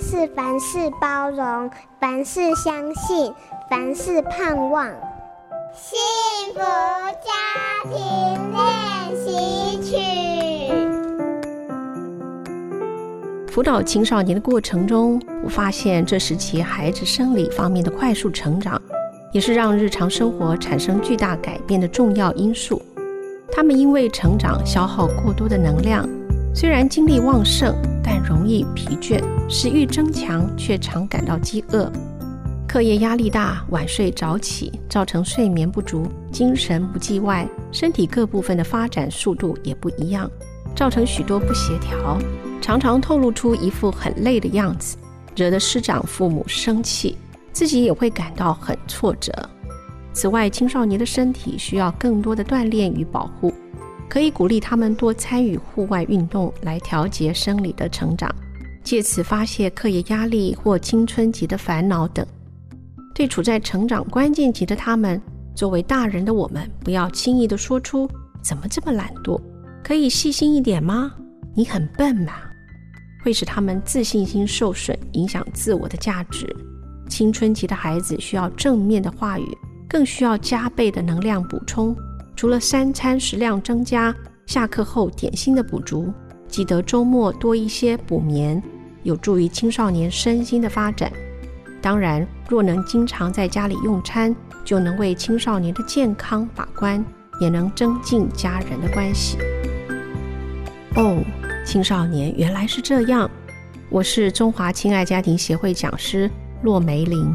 是凡事包容，凡事相信，凡事盼望。幸福家庭練習曲。輔導青少年的過程中，我發現這時期孩子生理方面的快速成長，也是讓日常生活產生巨大改變的重要因素。他們因為成長消耗過多的能量，雖然精力旺盛。但容易疲倦，食慾增強，却常感到飢餓。課業壓力大，晚睡早起，造成睡眠不足，精神不濟。外，身體各部分的發展速度也不一樣，造成許多不協調，常常透露出一副很累的樣子，惹得師長、父母生氣，自己也會感到很挫折。此外，青少年的身體需要更多的鍛鍊與保護。可以鼓勵他們多參與戶外運動，來調節生理的成長，借此發泄課業壓力或青春期的煩惱等。對處在成長關鍵期的他們，作為大人的我們，不要輕易地說出“怎麼這麼懶惰”“可以細心一點嗎”“你很笨嗎”，會使他們自信心受損，影響自我的價值。青春期的孩子需要正面的話語，更需要加倍的能量補充。除了三餐食量增加，下課後點心的補足，記得周末多一些補眠，有助於青少年身心的發展。當然，若能經常在家裡用餐，就能為青少年的健康把關，也能增進家人的關係。哦，青少年原來是這樣！我是中華親愛家庭協會講師駱玫玲。